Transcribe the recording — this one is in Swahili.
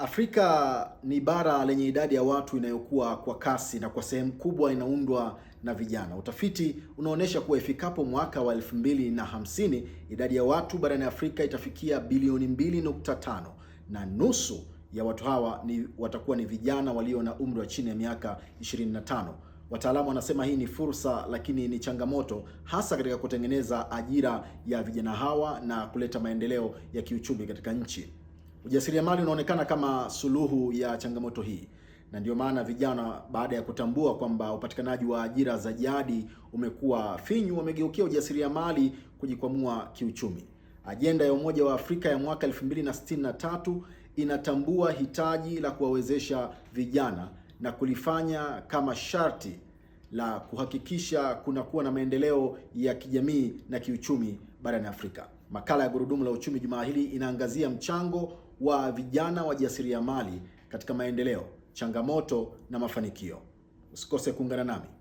Afrika ni bara lenye idadi ya watu inayokuwa kwa kasi na kwa sehemu kubwa inaundwa na vijana. Utafiti unaonyesha kuwa ifikapo mwaka wa na hamsini idadi ya watu barani Afrika itafikia bilioni tano na nusu ya watu hawa ni watakuwa ni vijana walio na umri wa chini ya miaka 25. Wataalamu wanasema hii ni fursa lakini ni changamoto hasa katika kutengeneza ajira ya vijana hawa na kuleta maendeleo ya kiuchumi katika nchi. Ujasiriamali unaonekana kama suluhu ya changamoto hii, na ndio maana vijana baada ya kutambua kwamba upatikanaji wa ajira za jadi umekuwa finyu, wamegeukia ujasiriamali kujikwamua kiuchumi. Ajenda ya Umoja wa Afrika ya mwaka 2063 inatambua hitaji la kuwawezesha vijana na kulifanya kama sharti la kuhakikisha kunakuwa na maendeleo ya kijamii na kiuchumi barani Afrika. Makala ya Gurudumu la Uchumi jumaa hili inaangazia mchango wa vijana wajasiriamali katika maendeleo, changamoto na mafanikio. Usikose kuungana nami.